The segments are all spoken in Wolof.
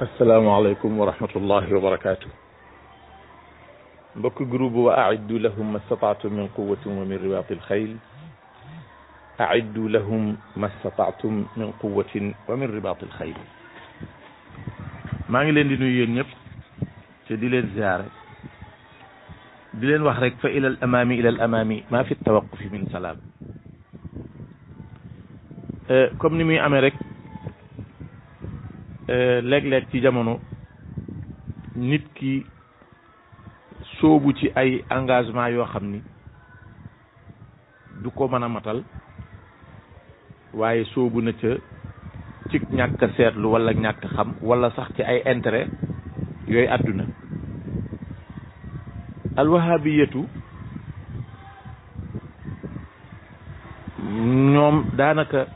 asalaamaaleykum wa rahmatullahi wa barakaatu. mbokk groupe wa aiddu lahum mastataatum min quwatin wa min ribaati alxayl aiddu lahum mastataatum min quwatin wa min ribaati alxayl maa ngi leen di nuyu yéen ñëpp te di leen ziare di leen wax rek fa ila al amaami ila al amaami maa fi tawaqufi min salaam eh, comme ni muy amee rek Euh, léeg-léeg ci jamono nit ki sóobu ci ay engagement yoo xam ni du ko mën a matal waaye sóobu na ca ci ñàkk seetlu wala ñàkk xam wala sax ci ay intérêt yooyu àdduna alwahabiyatu ñoom daanaka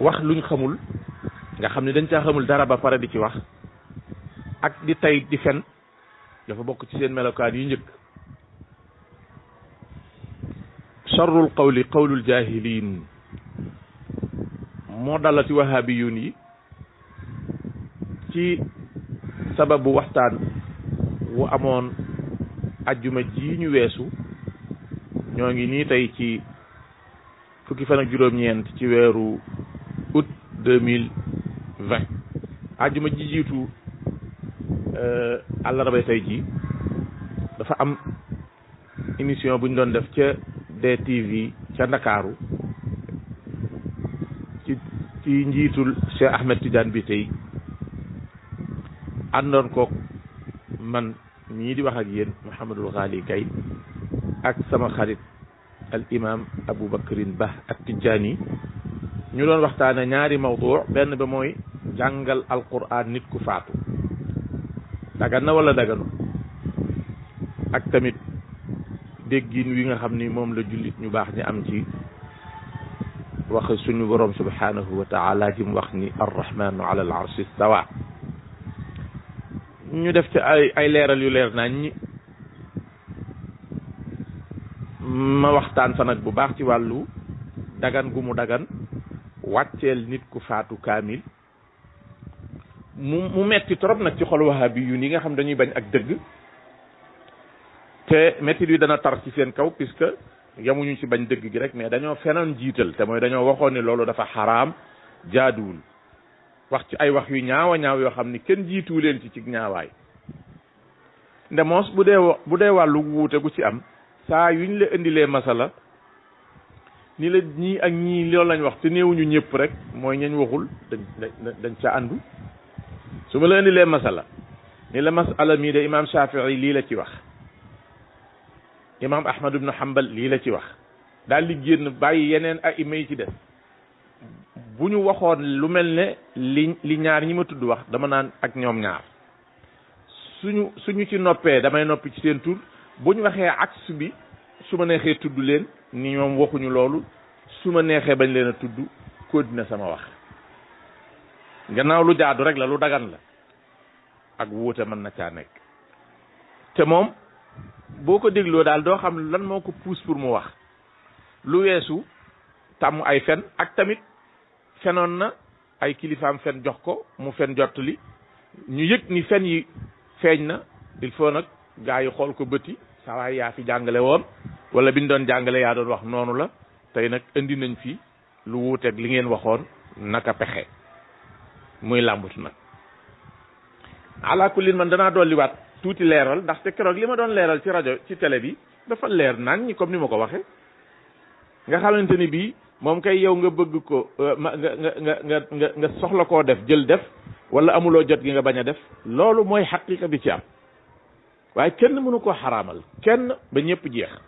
wax luñ xamul nga xam ne dañ caa xamul dara ba pare di ci wax ak di tay di fen dafa bokk ci seen melokaan yu njëkk charrul qawli qawlul jaahiliin moo dalati wahabiyun yi ci sababu waxtaan wu amoon ajjuma ji ñu weesu ñoo ngi nii tey ci fukki fan juróom-ñeent ci weeru août deux vingt àjjuma ji jiitu euh, àllarba tey ji dafa am émission bu ñu doon def ca DTV ca Ndakaaru ci ci njiitul Cheikh Ahmed Tidiane bi tey àndoon ko man ñii di wax ak yéen Mouhamadul Ghali Gaye ak sama xarit al abu Aboubacrine Ba ak Tidjani ñu doon waxtaane ñaari mawdu benn ba mooy jàngal alquran nit ku faatu dagan na walla daganu ak tamit déggin wi nga xam ni moom la jullit ñu baax ñi am ci wax suñu boroom subhanahu wa taala wax ni arrahmanu ala al arshi stawa ñu def ci ay leeral yu leer naañ ñi ma waxtaan fa nag bu baax ci wàllu dagan gu mu dagan wàcceel nit ku faatu kaamil mu mu metti trop nag ci xol wahabi yu ni nga xam dañuy bañ ak dëgg te metti bi dana tar ci seen kaw puisque yamuñu ci bañ dëgg gi rek mais dañoo fenoon jiital te mooy dañoo waxoon ne loolu dafa xaraam jaaduwul wax ci ay wax yu ñaawa ñaaw yoo xam ni kenn jiituwu leen ci ci ñaawaay ndemoos bu dee bu dee wàllu wuute gu ci am saa yuñ la indilee masala ni la ñii ak ñii loolu lañ wax te néewuñu ñëpp rek mooy ñañ waxul dañ dañ ca àndu su ma la indilee masala ni la masala mii de imaam Shafii lii la ci wax imaam Ahmad ibnu Hanbal lii la ci wax daal di génn bàyyi yeneen ak ima yi ci def bu ñu waxoon lu mel ne li li ñaar ñi ma tudd wax dama naan ak ñoom ñaar suñu suñu ci noppee damay noppi ci seen tur bu ñu waxee aks bi su ma neexee tudd leen ni ñoom waxuñu loolu su ma neexee bañ leen a tudd continuer sama wax gannaaw lu jaadu rek la lu dagan la ak wuute mën na caa nekk te moom boo ko dégloo daal doo xam lan moo ko pousse pour mu wax lu weesu tàmm ay fen ak tamit fenoon na ay kilifaam fen jox ko mu fen jottali ñu yëg ni fen yi feeñ na il faut nag gaa yi xool ko bëti saa waay yaa fi jàngale woon wala bi ñu doon jàngalee yaa doon wax noonu la tey nag indi nañ fi lu wuuteeg li ngeen waxoon naka pexe muy làmbatu nag ala kulli man danaa dolliwaat tuuti leeral ndax te keroog li ma doon leeral ci rajo ci télé bi dafa leer naan ñi comme ni ma ko waxe nga xamante ni bii moom kay yow nga bëgg ko euh, nga nga nga soxla koo def jël def wala amuloo jot gi nga bañ a def loolu mooy xaqiqa bi ci am waaye kenn mënu koo xaraamal kenn ba ñëpp jeex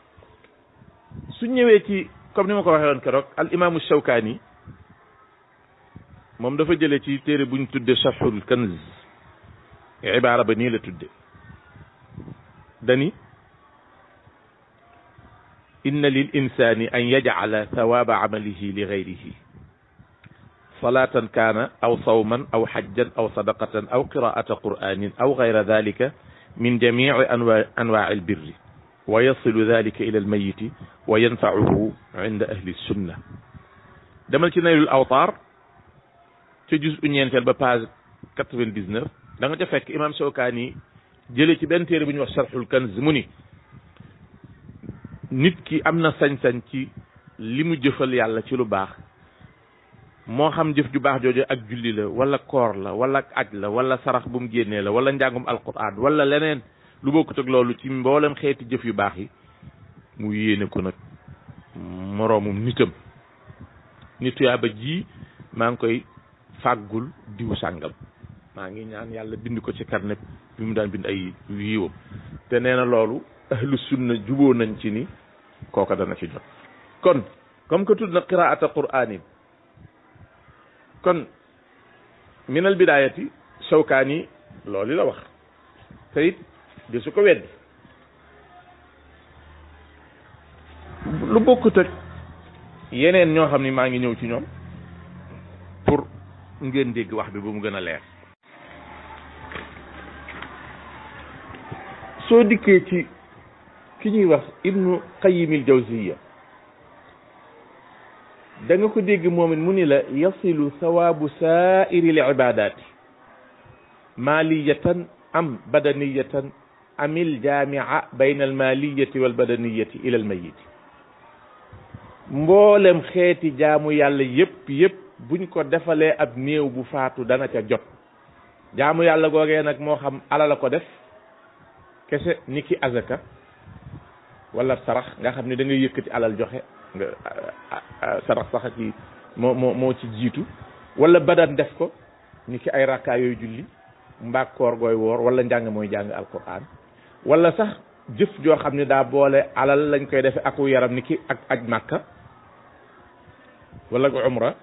su ñëwee ci comme ni ma ko waxee woon keroog al imaamu Shawkaani moom dafa jëlee ci téere bu ñu tudde Sharhul Kanz ibaara ba nii la tudde dani inna lil insani an yajcala thawaaba camalihi li gayrihi salaatan kaana aw sawman aw xajjan aw sadaqatan aw qiraata qur'anin aw gayra dalika min jamici anwa anwaaci albirri wa yasilu dalika ila almayiti wa yanfauhu inda ahli sunna demal ci naylul awtaar ca jus u ñeenteel ba page quatre-vingt-dix-neuf da nga ca fekk imam Shawkaani jëlee ci benn téere bu ñuy wax sharxul kanz mu ni nit ki am na sañ-sañ ci li mu jëfal yàlla ci lu baax moo xam jëf ju baax jooju ak julli la wala koor la wala aj la wala sarax bu mu génnee la wala njàngum alquran wala leneen lu bokkut ak loolu ci mboolem xeeti jëf yu baax yi mu yéene ko nag moroomum nitam ni tuyaaba ji maa ngi koy fàggul diw sàngam maa ngi ñaan yàlla bind ko ci carnet bi mu daan bind ay yiwam te nee na loolu ahlu sunna juboo nañ ci ni kooka dana ci jot kon comme que tudd na qiraata quraanin kon minal bidaayati shawkaani loolu la wax te di su ko weddi lu bokk tëj yeneen ñoo xam ni maa ngi ñëw ci ñoom pour ngeen dégg wax bi ba mu gën a leer soo dikkee ci ki ñuy wax ibnu qayimil jawziya da ko dégg moom mu ni la yasilu sawaabu saairi l ibadaati maaliyatan am badaniyatan amil jaamia bayna almaliyati walbadaniyati ila almayiti mboolem xeeti jaamu yàlla yépp yépp buñ ko defalee ab néew bu faatu dana ca jot jaamu yàlla googee nag moo xam alala ko def kese niki ki azaka wala sarax nga xam ne da yëkkati alal joxe nga sarax sax ci moo moo moo ci jiitu wala badan def ko ni ki ay rakkaa yooyu julli mbaa koor gooy woor wala njàng mooy jàng alquran wala sax jëf joo xam ne daa boole alal lañ koy defe aku yaram ni ki ak aj màkka wala ak umra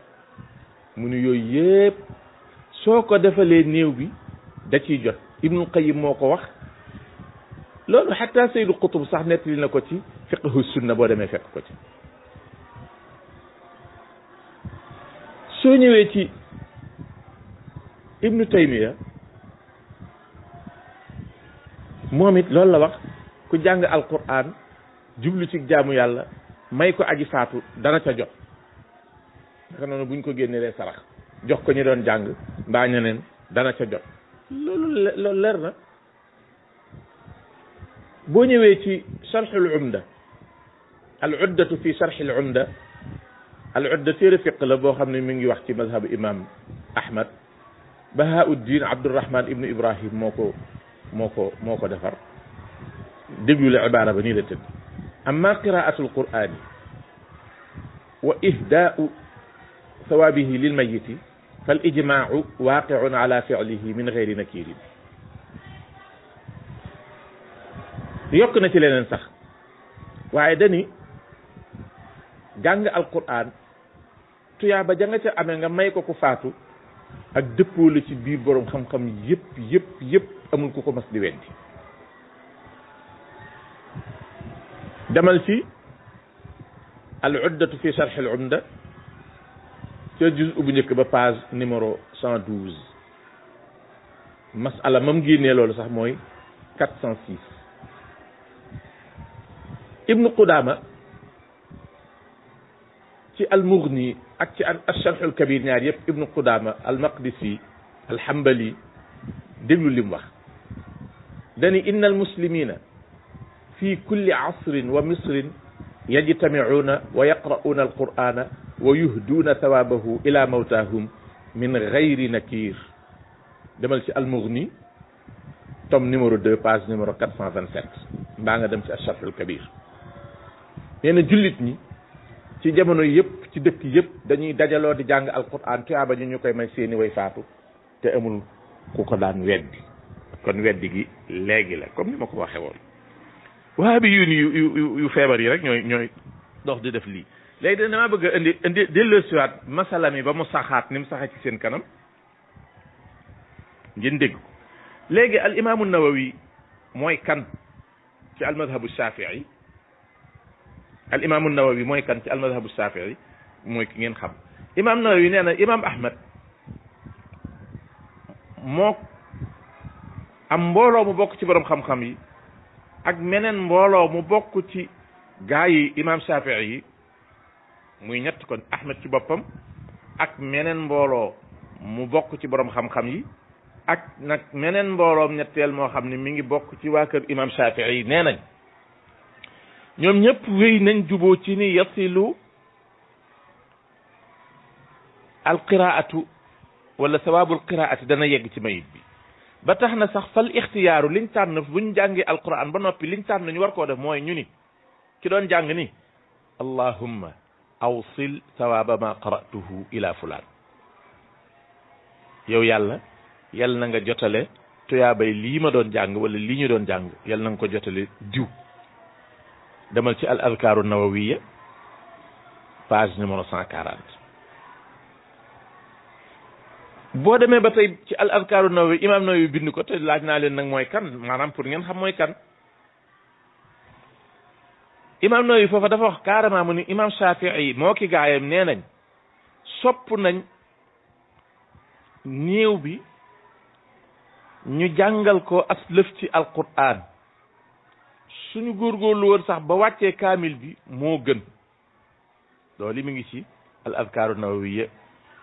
mu ne yooyu yëpp soo ko defalee néew bi da ciy jot ibnul qayyim moo ko wax loolu xataa saydu qutub sax nettali na ko ci fiqhu sunna boo demee fekk ko ci soo ñëwee ci ibnu taymiya moom it loolu la wax ku jàng alquran jublu ci jaamu yàlla may ko aji faatu dana ca jot noonu buñ ko génnee sarax jox ko ñu doon jàng mbaa ñeneen dana ca jot loolu loolu leer na boo ñëwee ci sarxul umda al uddatu fi sarxil umda al udda téere fiq la boo xam ne mu ngi wax ci mazhabu imam ahmad bahaauddin abdurahman ibnu ibrahim moo ko moo ko moo ko defar déglu la ibaara ba nii la tëdd amma qiraatul qur'ani wa ihdaau sawaabihi lil mayiti fal ijmaau waaqiun ala fi'lihi min gayri nakiirin yokk na ci leneen sax waaye dani jàng alquran tuyaa ba ja nga ca amee nga may ko ku faatu ak dëppoo la ci biir boroom xam-xam yëpp yëpp yëpp amul ku ko mas di weddi demal fi al uddatu fi sharh al umda ca juz bu njëkk ba page numéro cent douze masala mam génnee loolu sax mooy quatre cent six ibnu Qudaama ci al Mughni ak ci alsharxul kabir ñaar yëpp ibnu qudama almaqdisi alhambali déglu li mu wax dani inna almuslimina fi kulli asrin wa misrin yajtamicuuna wa yaqra'uuna alqur'ana wa yuhduuna thawaabahu ila mawtaahum min gayri nakir demal ci almughni tome numéro deux page numéro quatre cent vingt sept mbaa nga dem ci alsharxul kabir nee na jullit ñi ci jamono yëpp ci dëkk yëpp dañuy dajaloo di jàng alquran tuyaaba ñu ñu koy may seeni woy faatu te amul ku ko daan weddi kon weddi gi léegi la comme ni ma ko waxe woon waa bi yu yu yu feebar yi rek ñooy ñooy dox di def lii léegi damaa bëgg a indi indi delloosiwaat masala mi ba mu saxaat ni mu saxee ci seen kanam ngeen dégg léegi al imaamu nawawi mooy kan ci al madhabu shafii al imaamu nawawi mooy kan ci almadhabu saafi'i mooy ki ngeen xam imaam nawawi nee na imaam ahmad moo am mbooloo mu bokk ci boroom xam-xam yi ak meneen mbooloo mu bokk ci gaa yi imaam saafi'i yi muy ñett kon ahmad ci boppam ak meneen mbooloo mu bokk ci borom xam-xam yi ak nag meneen mbooloom ñetteel moo xam ne mi ngi bokk ci waa kër imaam saafi'i yi nee nañ ñoom ñëpp wéy nañ juboo ci ni yasilu alqiraatu wala sawaabul qiraati dana yegg ci mayit bi ba tax na sax fal li liñ tànn buñ jàngee alquran ba noppi liñ tànn ñu war koo def mooy ñu ni ki doon jàng ni allahumma awsil sawaaba ma qaratuhu ila fulaan yow yàlla yàlla na nga jotale tuyaabay lii ma doon jàng wala lii ñu doon jàng yàlla na ko jotale diw demal ci al azkaaru nawawiya page numéro cent quarante boo demee ba tey ci al azkaaru nawawi imaam nawawi bind ko te laaj naa leen nag mooy kan maanaam pour ngeen xam mooy kan imaam nawawi foofa dafa wax carrément mu ni imaam shafii moo ki gaayam nee nañ sopp nañ néew bi ñu jàngal ko as lëf ci alquran suñu góorgóorlu woon sax ba wàccee kaamil bi moo gën loolu mu ngi ci al adkaaru nawawiya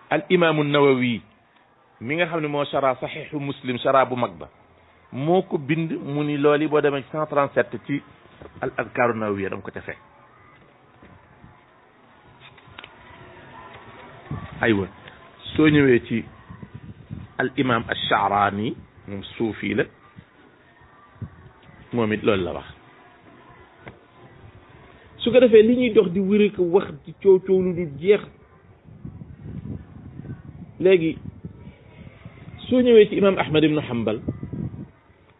al imaamu nawawi mi nga xam ne moo chara saxiixu muslim chara bu mag ba moo ko bind mu ni loolu boo demee ci cent trente sept ci al adkaaru nawawiya danga ko ca fekk aywa soo ñëwee ci al imaam al chaaraani moom suufi la moom it loolu la wax su ko defee li ñuy dox di wër ak wax di coow coow lu du jeex léegi soo ñëwee ci imam ahmad ibnu hambal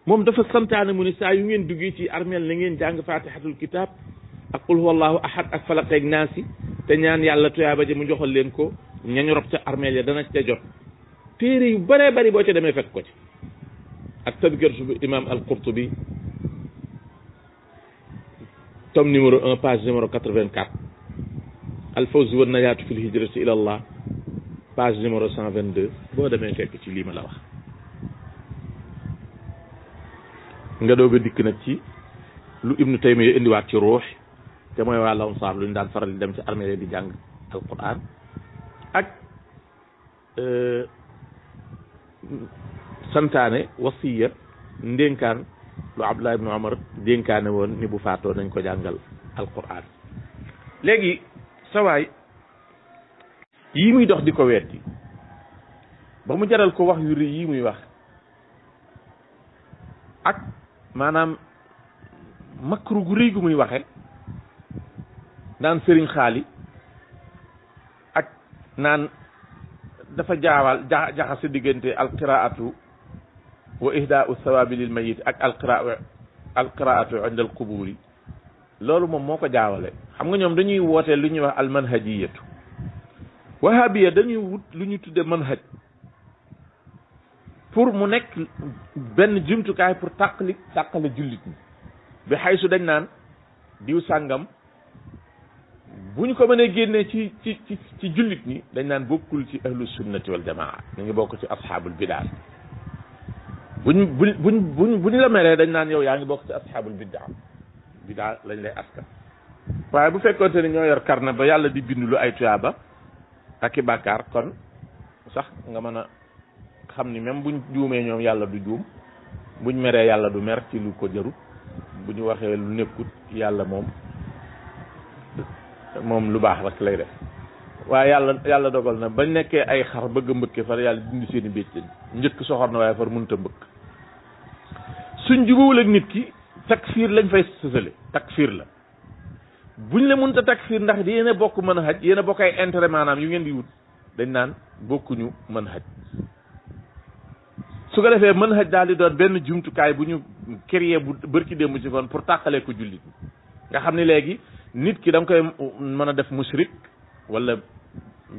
moom dafa santaane mu ni saa yu ngeen duggee ci armeel la ngeen jàng fatihatul kitab ak qul huwallahu ahad ak falaqeeg naasi te ñaan yàlla tuyaaba ji mu joxal leen ko ñañu rob ca armeel ya dana ca jot téere yu bëree bëri boo ca demee fekk ko ci ak tabgërtu bi imam al qurtubi tome numéro un page numéro quatre vingt quatre alfawzu wa najaatu fil hijrati ila allah page numéro cent vingt deux boo demee kekk ci lii ma la wax nga doog a dikk na ci lu ibnu taymiya indiwaat ci ruux te mooy waa lansaar lu ñu daan faral li dem ci armée di jàng alquran ak euh, santaane wasiya ndénkaan lu abdullah ibnu omar dénkaane woon ni bu faatoo nañ ko jàngal alquran léegi sawaay yi muy dox di ko weddi ba mu jaral ko wax yu rëy yi muy wax ak maanaam makru gu rëy gu muy waxe naan sëriñ xaali ak naan dafa jaawal jaxase diggante alqiraatu wa ihdaau sawaabi lil mayit ak alqiraau alqiraatu inda alquburi loolu moom moo ko jaawale xam nga ñoom dañuy woote lu ñuy wax al manhajiyatu wahabiya dañuy wut lu ñu tudde manhaj pour mu nekk benn jumtukaay pour tàqali tàqale jullit ñi bi xay dañ naan diw sàngam bu ñu ko mënee génnee ci ci ci ci jullit ñi dañ naan bokkul ci ahlu sunnati wal jamaa ñu ngi bokk ci asxaabul bidaat buñ buñ buñ buñ buñ la meree dañ naan yow yaa ngi bokk ci asxaabul biddaa biddaa lañ lay askan waaye bu fekkoonte ni ñoo yor karne ba yàlla di bind lu ay tuyaaba ak i bàkkaar kon sax nga mën a xam ni même buñ juumee ñoom yàlla du juum buñ meree yàlla du mer ci lu ko jarut bu ñu waxee lu nekkut yàlla moom moom lu baax rek lay def waaye yàlla yàlla dogal na bañ nekkee ay xar bëgg mbëkke far yàlla dindi seen i béjjën njëkk soxor na waaye far mënut a mbëkk suñ jubóowul ak nit ki takfir lañ fay sësale takfir la buñ la mënta takfir ndax di yéen a bokk mën a xaj yéen a bokk ay intérêt maanaam yu ngeen di wut dañ naan bokkuñu mën a xaj su ko defee mën xaj daal di doon benn jumtukaay bu ñu créé bu bërki démb ci kon pour tàqalee ko jullit nga xam ni léegi nit ki danga nga koy mën a def musrik walla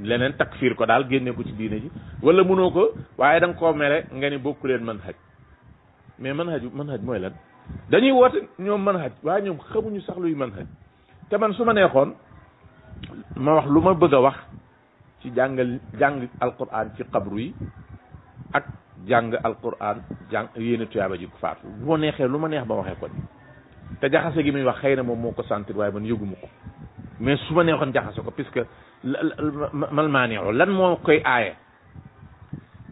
leneen takfir ko daal génnee ko ci diine ji wala mënoo ko waaye danga koo mere nga ni bokku leen mën xaj mais manhaj manhaj mooy lan dañuy woote ñoom manhaj waaye ñoom xamuñu sax luy manhaj te man su ma neexoon ma wax lu ma bëgg a wax ci jàngal jàng alquran ci xabru yi ak jàng alquran jàng yéene tuyaaba ji ko faatu bu ma neexee lu ma neex ba waxee te jaxase gi muy wax xëy na moom moo ko sentir waaye man yëguma ko mais su ma neexoon jaxase ko que mal maa neexoo lan moo koy aaye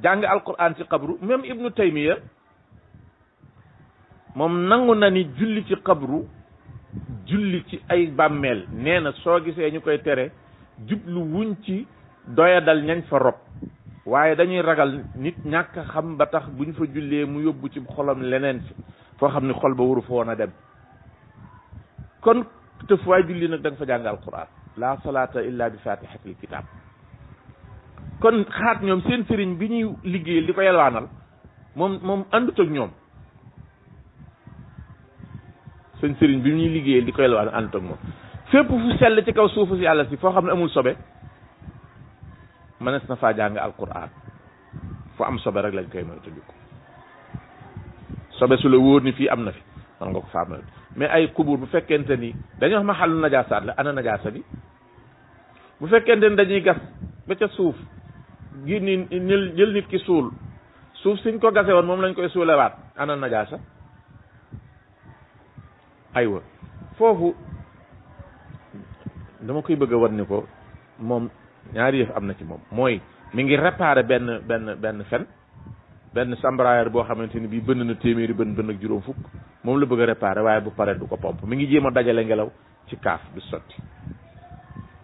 jàng alquran ci xabru même ibnu taymiya moom nangu na ni julli ci xabru julli ci ay bàmmeel nee na soo gisee ñu koy tere jublu wuñ ci doyadal ñañ fa rob waaye dañuy ragal nit ñàkk xam ba tax buñ fa jullee mu yóbbu ci xolam leneen foo xam ni xol ba waru fa woon a dem kon te fu julli nag da nga fa jàng alquran la salaata illa bi fatihatil kitab kon xaat ñoom seen sëriñ bi ñuy liggéey li ko yelwaanal moom moom àndut ak ñoom sëñ sëriñ bi ñuy liggéeyal di koy la waan ànd moom fépp fu sell ci kaw suufu si yàlla si foo xam ne amul sobe mënees na faa jàng alquran fu am sobe rek lañ koy moytandiku sobe su fii am na fi man nga ko faa mais ay kubur bu fekkente ni dañoo xam ne xalu najaasaat la ana najaasa bi bu fekkente ni dañuy gas ba suuf gi ni jël ki suul suuf suñ ko gase woon moom lañ koy suulewaat ana najaasa aywa foofu dama koy bëgg wan war ni ko moom ñaari yëf am na ci moom mooy mi ngi réparé benn benn benn fen benn chambrayeur boo xamante ni bii bënn na téeméeri bën bën ak juróom fukk moom la bëgg a réparé waaye bu paree du ko pomp mu ngi jéem a dajale ngelaw ci kaaf du sotti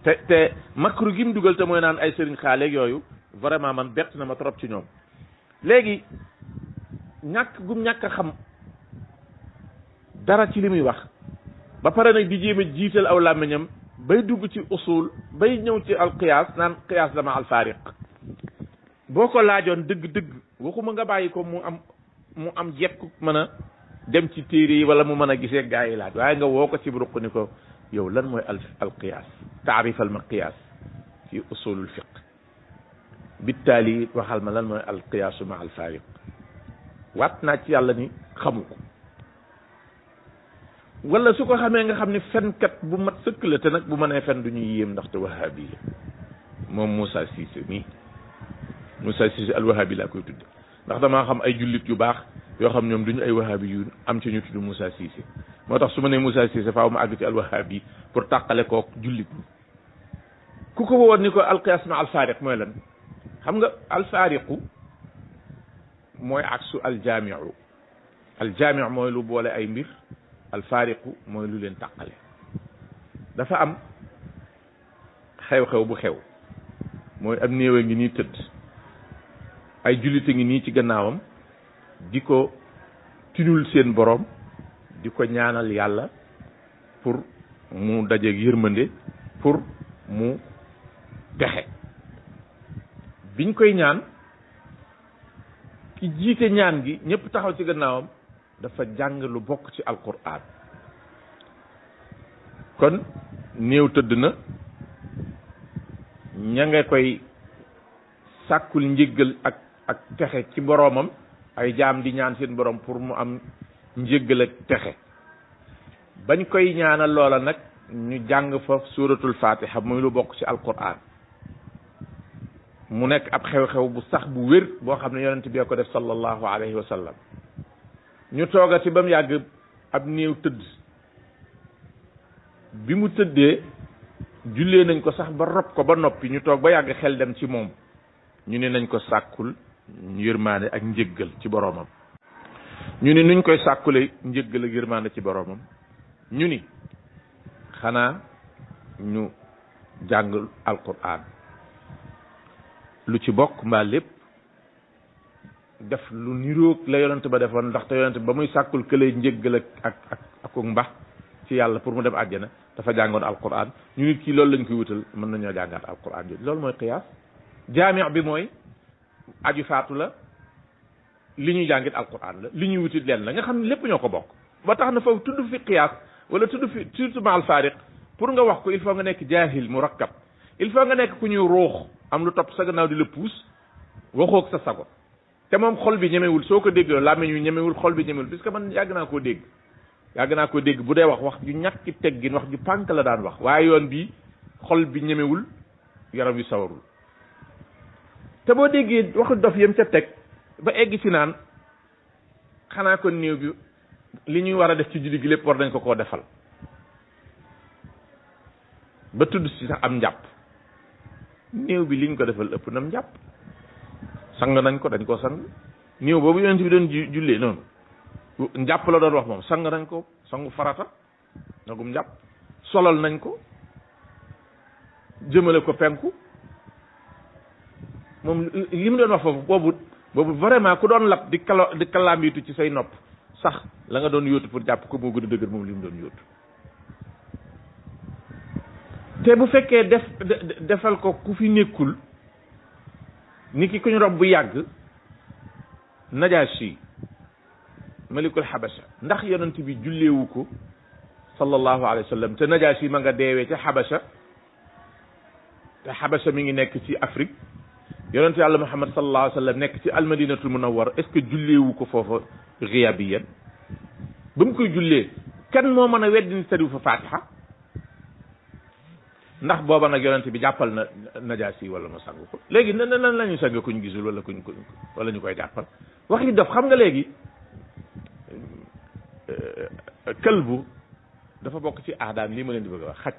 te te makru gi mu dugal te mooy naan ay sëriñ xaaleeg yooyu vraiment man bett na ma trop ci ñoom léegi ñàkk gum ñàkk a xam dara ci li muy wax ba pare na di jéem a jiital aw làmmiñam bay dugg ci usul bay ñëw ci alqiyaas naan qiyaas dama alfaariq boo ko laajoon dëgg-dëgg ma nga bàyyi ko mu am mu am jekku mën a dem ci téere yi wala mu mën a gisee gaa yi laaj waaye nga woo ko ci ruq ni ko yow lan mooy al alqiyaas taarifal ma qiyaas fi usulul fiq bittaali waxal ma lan mooy alqiyaasu ma alfaariq waat naa ci yàlla ni xamu ko wala su ko xamee nga xam ne fenkat bu mat sëkk la te nag bu mënee fen du ñuy yéem ndaxte wahabi la moom Moussa Cissé mii Moussa Cissé al wahabi laa koy tudde ndax damaa xam ay jullit yu baax yoo xam ñoom du ñu ay wahabi yu am ci ñu tudd Moussa Cissé moo tax su manee nee Moussa Cissé faaw ma àgg ci al pour tàqale kook jullit ñi ku ko woon ni ko alqiyaas ma alfaariq mooy lan xam nga alfaariqu mooy aksu aljaamiu aljaamiu mooy lu boole ay mbir alfaariqu mooy lu leen tàqale dafa am xew-xew bu xew mooy am néew a ngi nii tëdd ay jullit a ngi nii ci gannaawam di ko tinul seen boroom di ko ñaanal yàlla pour mu dajeeg yërmande pour mu texe biñ koy ñaan ki jiite ñaan gi ñëpp taxaw ci gannaawam dafa jàng lu bokk ci alquran kon néew tëdd na ña nga koy sàkkul njëggal ak ak texe ci boroomam ay jaam di ñaan seen boroom pour mu am njëggal ak texe bañ koy ñaana loola nag ñu jàng fa suuratul fatiha muy lu bokk ci alquran mu nekk ab xew-xew bu sax bu wér boo xam ne yonent bee ko def sallallahu alayhi wa ñu toogati ba mu yàgg ab néew tëdd bi mu tëddee jullee nañ ko sax ba rob ko ba noppi ñu toog ba yàgg xel dem ci moom ñu ne nañ ko sàkkul yërmaande ak njëggal ci boroomam ñu ni nuñ koy sàkkule njëggal ak yërmaande ci boroomam ñu ni xanaa ñu jàng alquran lu ci bokk mbaa lépp def lu niroog la yonent ba defoon ndaxte yonent ba muy sàkkul këlay njëggal ak ak ak mbax ci yàlla pour mu dem àjjana dafa jàngoon alquran ñu nit kii loolu lañ koy wutal mën nañoo jàngaat alquran jooju loolu mooy qiyaas jaami' bi mooy aju faatu la li ñuy jàngit alquran la li ñuy wutit leen la nga xam ne lépp ñoo ko bokk ba tax na foofu tudd fi qiyaas wala tudd fi surtout ma al pour nga wax ko il faut nga nekk jaahil murakkab il faut nga nekk ku ñuy ruux am lu topp sa gannaaw di la puus waxoog sa sago te moom xol bi ñemewul soo ko déggoo làmmiñ wi ñemewul xol bi ñemewul parce que man yàgg naa koo dégg yàgg naa koo dégg bu dee wax wax ju ñàkki gi wax ju pànk la daan wax waaye yoon bii xol bi ñemewul yaram wi sawarul te boo déggee waxu dof yam ca teg ba egg ci naan xanaa ko néew bi li ñuy war a def ci julli gi lépp war nañ ko koo defal ba tudd ci sax am njàpp néew bi liñ ko defal ëpp na njàpp sang nañ ko dañ koo sang néew boobu yonent bi doon jullee noonu njàpp la doon wax moom sang nañ ko sangu farata nagum njàpp solal nañ ko jëmale ko penku moom li mu doon wax foofu boobu boobu vraiment ku doon lap di kala di kalaamitu ci say nopp sax la nga doon yóotu pour jàpp ko moo gën a dëgër moom li mu doon yóotu te bu fekkee def defal ko ku fi nekkul ni ki ku ñu rob bu yàgg najashi malikul xabasha ndax yonent bi julleewu ko sallallahu alayhi wa sallam te najashi ma nga deewee ca xabasha te xabasha mi ngi nekk ci Afrique yonent yàlla Muhammad sallallahu alayhi wa sallam nekk ci almadinatul munawwar est-ce que julleewu ko foofa xiyabiyan ba mu koy jullee kan moo mën a weddi ni tariw fa fatiha ndax booba nag yonent bi jàppal na najaasi wala mu sangu ko léegi nan nan la ñu sangu kuñ gisul wala kuñ ko wala ñu koy jàppal wax yi daf xam nga léegi euh, këlbu dafa bokk ci aadaam lii ma leen di bëgg a wax xaj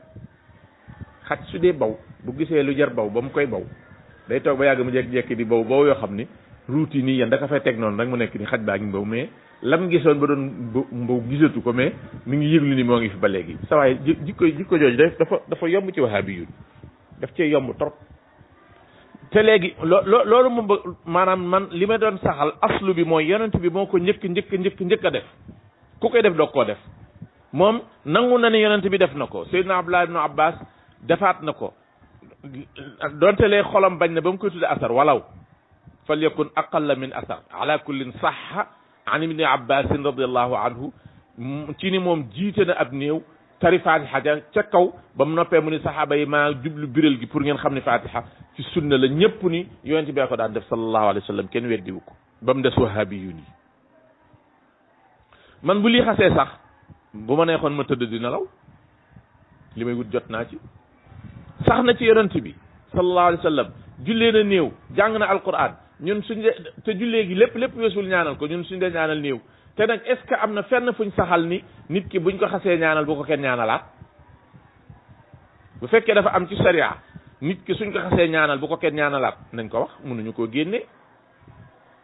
xaj su dee bow bu gisee lu jar bow ba mu koy bow day toog ba yàgg mu jékki-jékki bi bow baw yoo xam ni ruut yi nii yan da ka teg noonu rek mu nekk ni xaj baa ngi mbaw mais lam gisoon ba doon mbaw gisatu ko mais mu ngi yëglu ni moo ngi fi ba léegi sa waay jikko jikko jooju dafa dafa yomb ci waxaabi yu daf cee yomb trop te léegi loo loolu moom maanaam man li ma doon saxal aslu bi mooy yonent bi moo ko njëkk njëkk njëkk njëkk a def ku koy def doog koo def moom nangu na ne yonent bi def na ko Seydina Abdullah ibn Abbas defaat na ko donte lee xolam bañ na ba koy tudde asar walaw falyakun aqalla min asar ala kullin saxa an ibni abbasin radiallahu anhu ci ni moom jiite na ab néew tari fatiha ja ca kaw ba mu noppee mu ni saxaaba yi maa jublu biral gi pour ngeen xam ne fatiha ci sunna la ñëpp ni yonent bee ko daan def sallallahu alayhi wa sallam kenn weddiwu ko ba mu des wahabi yu nii man bu lii xasee sax bu ma neexoon ma tëdd di nelaw li may wut jot naa ci sax na ci yonent bi sallallahu alayhi wa sallam jullee na néew jàng na alquran ñun suñ de te jullee gi lépp lépp weesul ñaanal ko ñun suñ de ñaanal néew te nag est-ce que am na fenn fuñ saxal ni nit ki buñ ko xasee ñaanal bu ko kenn ñaanalaat bu fekkee dafa am ci sariya nit ki suñ ko ñaanal bu ko kenn ñaanalaat nañ ko wax mënuñu ko génne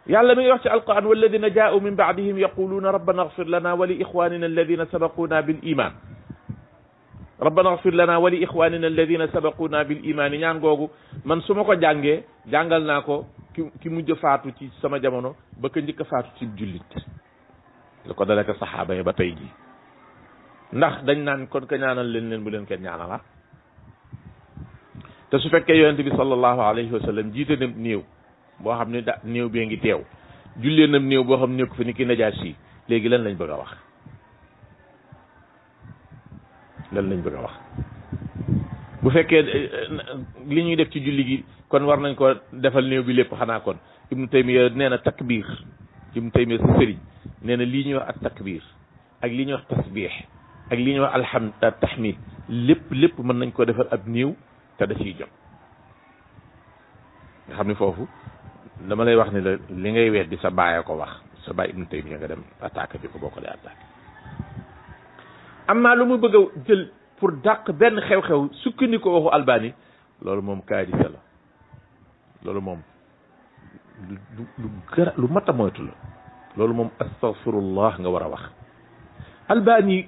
yàlla mi ngi wax ci alquran walladina jaa'u min baadihim yaquluuna rabbana agfir lana wa li ixwanina alladina sabaquna bil iman rabbana axfir lana wali ixwanina alladina sabaquna bil imaani ñaan googu man su ma ko jàngee jàngal naa ko ki ki mujj faatu ci sama jamono ba ka njëkk a faatu ci jullit lu ko dale ko saxaaba yi ba tey ji ndax dañ naan kon ka ñaanal leen leen bu leen kenn ñaanala ah. te su fekkee yonente bi sallallahu alayhi wa sallam jiite na néew boo xam ne da néew bee ngi teew jullee na néew boo xam ne nekku fi ni ki najaas léegi lan lañ bëgg a wax lan lañ bëgg a wax bu fekkee eh, li ñuy def ci julli gi kon war nañ ko defal néew bi lépp xanaa kon ibnu taymiya nee na takbir ibnu taymiya sa sëriñ nee na lii ñuy wax ak takbir ak li ñuy wax tasbix ak li ñuy wax alham eh, tahmid lépp lépp mën nañ koo defal ab néew te da ciy jot nga xam ne foofu dama lay wax ni la li ngay weet di sa baaya ko wax sa baay ibnu taymiya nga dem attaque bi ko boo ko dee attaque am naa lu mu bëgg a jël pour dàq benn xew-xew sukkandi ko waxu albani loolu moom kaadisa la loolu moom lu lu gara lu mat a moytu la loolu moom astaghfirullah nga war a wax albani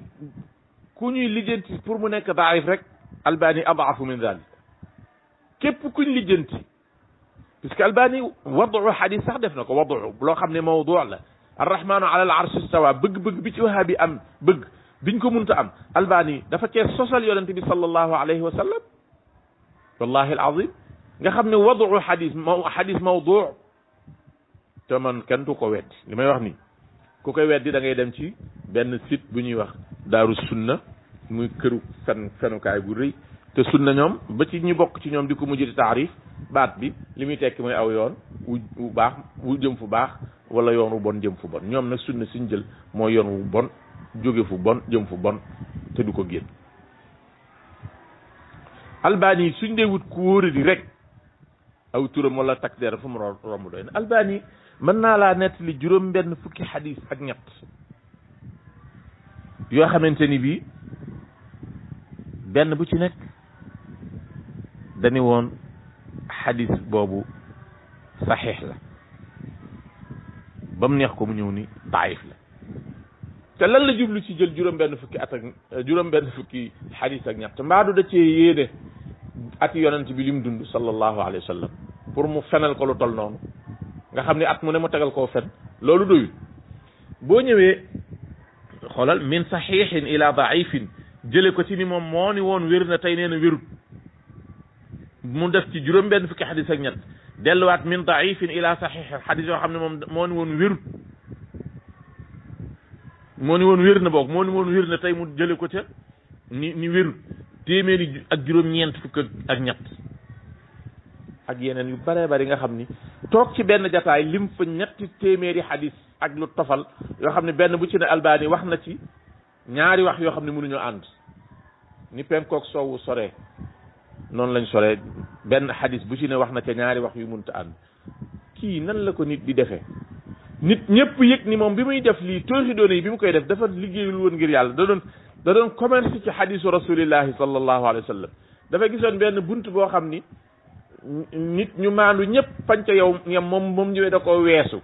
ku ñuy lijjanti pour mu nekk daif rek albani adaafu min dalik képp kuñ lijjanti puisque albani wadu xadis sax def na ko wadu loo xam ne mawdu la arrahmanu ala al arsh istawa bëgg-bëgg bi ci wahabi am bëgg biñ ko munta am albani dafa cee sosal yonente bi sallallahu alayhi wa sallam wallahi alazim nga xam ne wadu xadis ma xadis mawdu te man kenn du ko may wax nii ku koy da ngay dem ci benn site bu ñuy wax daaru sunna muy këru fen fenukaay bu rëy te sunna ñoom ba ci ñu bokk ci ñoom di ko mujj di taarif baat bi li muy tekki mooy aw yoon wu wu baax wu jëm fu baax wala yoon wu bon jëm fu bon ñoom nag sunna suñ jël mooy yoon wu bon jóge fu bon jëm fu bon te du ko génn albani yi suñ dee wut ku wóora di rek aw turam wala takk der fu mu romb doy na albani yi mën naa laa nettali juróom benn fukki xadis ak ñett yoo xamante ni bii benn bu ci nekk dañu woon xadis boobu saxiix la ba mu neex ko mu ñëw ni daayif la te lan la jublu ci jël juróom benn fukki at ak euh, benn fukki xadis ak ñett mbaadu da cee yéene ati yonent bi lim dund sallallahu alayhi wa sallam pour mu fenal ko lu tol noonu nga xam ne at mu ne mu tegal ko fen loolu doyul boo ñëwee xoolal min saxiixin ila daifin jële ko ci ni moom moo woon wér na tey nee na wérut mu def ci juróom benn fukki xadis ak ñett delluwaat min daifin ila saxiixin xadis yoo xam ne moom moo ni woon wérut moo ni woon wér na boog moo ni woon wér na tey mu jële ko ca ni ni wérul téeméeri ak juróom-ñeent fukk ak ñett ak yeneen yu bare bari nga xam ni toog ci benn jataay lim fa ñetti téeméeri xadis ak lu tofal yoo xam ne benn bu ci ne albani wax na ci ñaari wax yoo xam ne mënuñoo ànd ni penkook soowu sore noonu lañ sore benn xadis bu ci ne wax na ca ñaari wax yu mënta ànd kii nan la ko nit di defee nit ñëpp yëg ni moom bi muy def lii tooxi doone yi bi mu koy def dafa liggéeyul woon ngir yàlla da doon da doon ci xadisu rasulillahi sallallahu alayhi wa sallam dafa gisoon benn bunt boo xam ni nit ñu maandu ñëpp fañ ca yow ñam moom moom ñëwee da koo weesu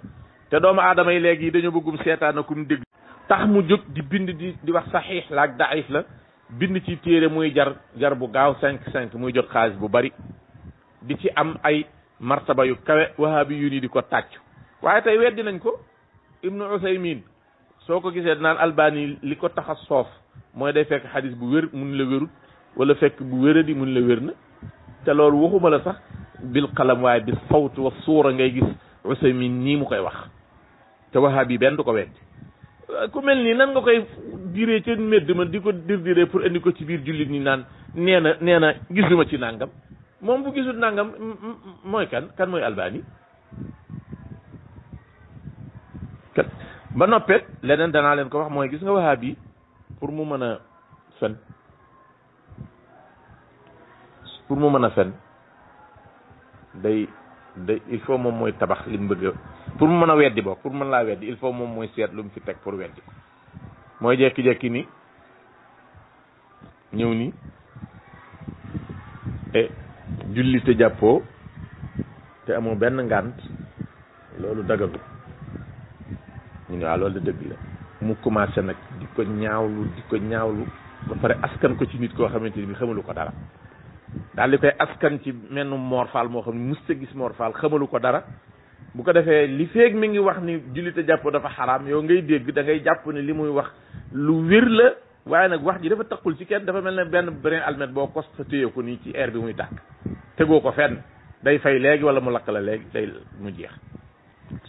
te doomu aadama yi léegi dañoo bëggum seetaan akum dégg tax mu jóg di bind di di wax saxiix laa ak daif la bind ci téere muy jar jar bu gaaw cinq cinq muy jot xaalis bu bari di ci am ay martaba yu kawe wahabi yu ni di ko tàcc waaye tey weddi nañ ko ibnu usaymin soo ko gisee naan albani li ko tax a soof mooy day fekk xadis bu wér mun la wérut wala fekk bu wéradi mun la wér na te loolu waxuma la sax bil qalam waaye bi sawt wa suura ngay gis usaymin nii mu koy wax te wahaab yi benn du ko weddi ku mel nii nan nga koy diree ca medd ma di ko dir diree pour indi ko ci biir jullit ñi naan nee na nee na gisuma ci nàngam moom bu gisul nàngam mooy kan kan mooy albani kat ba noppet leneen danaa leen ko wax mooy gis nga waxaab yi pour mu mën a fen pour mu mën a fen day day il faut moom mooy tabax li mu bëgg pour mu mën a weddi bokk pour mu mën laa weddi il faut moom mooy seet lu mu fi teg pour weddi mooy jekki-jekki ni ñëw ni e julli te jàppoo te amoo benn ngànt loolu dagagu ñu ne waaw ah, loolu de dëgg la mu commencé nag di ko ñaawlu di ko ñaawlu ba pare askan ko ci nit koo xamante ni bi xamalu ko dara daal di koy askan ci menn Mor moo xam ne musta gis Mor Fall xamalu ko dara bu ko defee li feeg mi ngi wax ni jullite jàppoo dafa xaraam yow ngay dégg da ngay jàpp ni li muy wax lu wér la waaye nag wax ji dafa taqul ci kenn dafa mel ne benn brin almet boo kos sa téye ko nii ci air bi muy tàkk tegoo ko fenn day fay léegi wala mu lakk léegi day mu jeex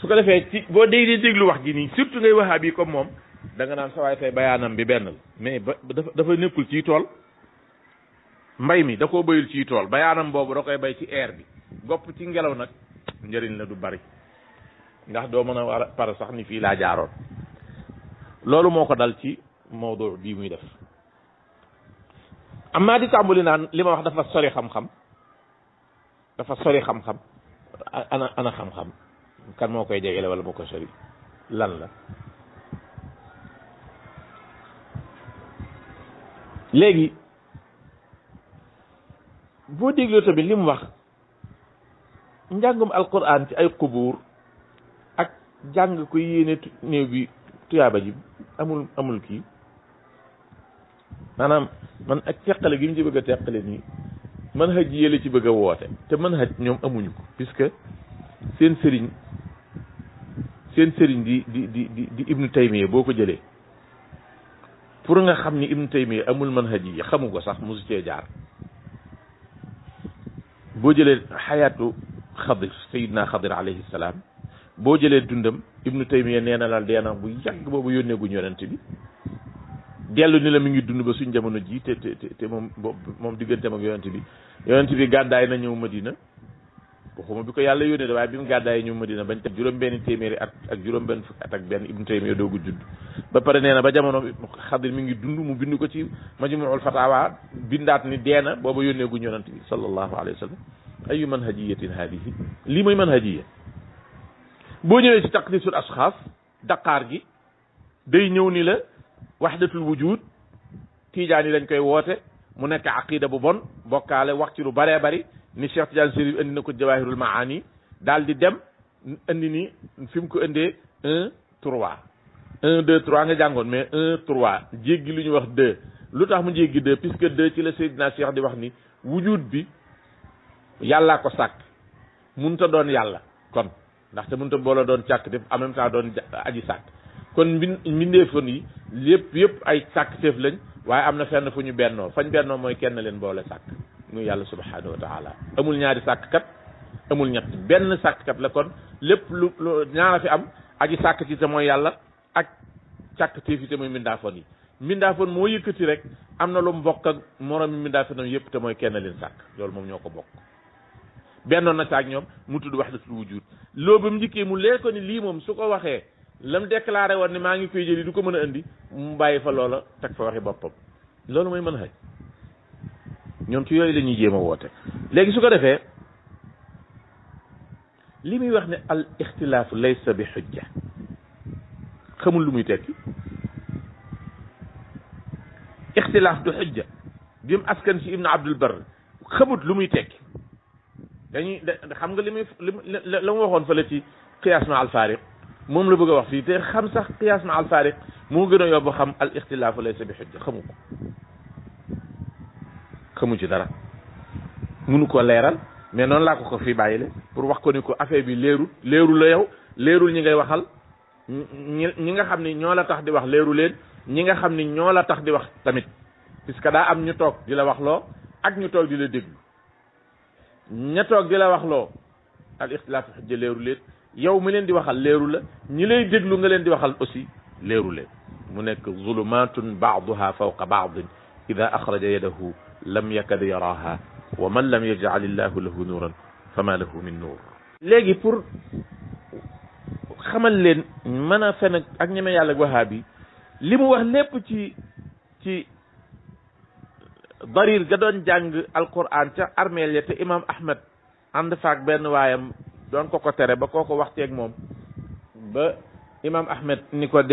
su ko defee ci boo dee déglu wax gi nii surtout ngay waxaab yi comme moom danga naan sa waay tey bayaanam bi benn la mais ba dafa dafa nekkul ciy tool mbay mi da koo bayul ciy tool bayaanam boobu da koy bay ci air bi gopp ci ngelaw nag njëriñ la du bari ndax doo mën a war a pare sax ni fii laa jaaroon loolu moo ko dal ci mawdu bii muy def amma di tàmbali naan li ma wax dafa sori xam-xam dafa sori xam-xam ana ana xam-xam kan moo koy jegele wala moo ko sori lan la léegi boo dégloo tamit li mu wax njàngum alquran ci ay qubuur ak jàng ko yéene néew bi tuyaaba ji amul amul kii maanaam man ak teqale gi mu ci bëgg a teqale nii man haj yële ci bëgg a woote te man haj ñoom amuñu ko puisque seen sëriñ seen sëriñ di di di ibnu taymiya boo ko jëlee pour nga xam ni ibnu taymiya amul manhaj yi xamu ko sax mosu cee jaar boo jëlee xayaatu xadir sayidna xadir alayhi salaam boo jëlee dundam ibnu taymiya nee na la dee na bu yàgg boobu yónnee gu yonent bi dellu ni la mi ngi dund ba suñ jamono ji te te te moom moom digganteem ak yonent bi yonent bi gàddaay na ñëw madina waxuma bi ko yàlla yónnee waaye bi mu gàddaay ñëw Madina bañ teg juróom-benn téeméeri at ak juróom-benn fukki at ak benn Ibnu Taymiya doogu judd ba pare nee ba jamono Xadir mi ngi dund mu bind ko ci Majmuul Fatawa bindaat ni deena booba yónnee gu yonent bi sallallahu alayhi wa sallam ayu manhajiyatin hadihi lii mooy manhajiya boo ñëwee ci taqdisul asxaas daqaar gi day ñëw nii la wahdatul wujud tiijaan yi dañ koy woote mu nekk aqida bu bon bokkaale wax ci lu baree bari ni Cheikh Tidiane Chérif indi na ko Jawahirul Maani daal di dem indi nii fi mu ko indee un trois un deux trois nga jàngoon mais un trois jéggi lu ñu wax deux lu tax mu jéggi deux puisque deux ci la Seydina Cheikh di wax ni wujud bi yàllaa ko sàkk munta doon yàlla kon ndaxte munta booloo doon càkk def en même temps doon aji sàkk kon mbin mbindeefoon yi lépp yëpp ay sàkk teef lañ waaye am na fenn fu ñu bennoo fañ bennoo mooy kenn leen boole sàkk muy yàlla subhanahu wa taala amul ñaari sàkkkat amul ñett benn sàkkkat la kon lépp lu ñaara fi am aji sàkk ci te mooy yàlla ak càkk téefi te mooy mbindaafoon yi mbindaafoon moo yëkkati rek am na lu mu bokk ak moroomi mbindaafoonam yëpp te mooy kenn leen sàkk loolu moom ñoo ko bokk bennoon na saak ñoom mu tudd wax wujud loolu ba mu njëkkee lii moom su ko waxee la mu déclaré woon ne maa ngi koy jëli ko mën a indi mu bàyyi fa loola teg fa waxi boppam loolu mooy mën xëy ñoom ci yooyu la ñuy woote léegi su ko defee li muy wax ne al ixtilaafu laysa bi xujja xamul lu muy tekki ixtilaaf du xujja bi mu askan si ibnu abdul bar xamut lu muy tekki dañuy xam nga li muy la mu waxoon fa fële ci qiyaas ma al faariq moom la bëgg a wax fii te xam sax qiyaas ma al faariq moo gën a yobbu xam al ixtilaafu laysa bi xujja xamu ko xamu ci dara munu ko leeral mais noonu laa ko ko bàyyi le pour wax ko ni ko affaire bi leerul leeru la yow leerul ñi ngay waxal ñi nga xam ni ñoo la tax di wax leeru leen ñi nga xam ni ñoo la tax di wax tamit puisque daa am ñu toog di la wax loo ak ñu toog di la déglu ña toog di la wax loo al ixtilaafu xujja leeru leen yow mi leen di waxal leeru la ñi lay déglu nga leen di waxal aussi leeru leen mu nekk zulumaatun baaduha fawqa baadin ida axraja yadahu lam yakad yaraaha wa man lam yajal illahu lahu nuuran fama lahu min nuur léegi pour xamal leen mën a fen ak ñeme yàlla ak waxaa bi li mu wax lépp ci ci darir ga doon jàng alquran ca armeel ya te imam ahmed ànd faak benn waayam doon ko ko tere ba koo ko waxteeg moom ba imam ahmed ni ko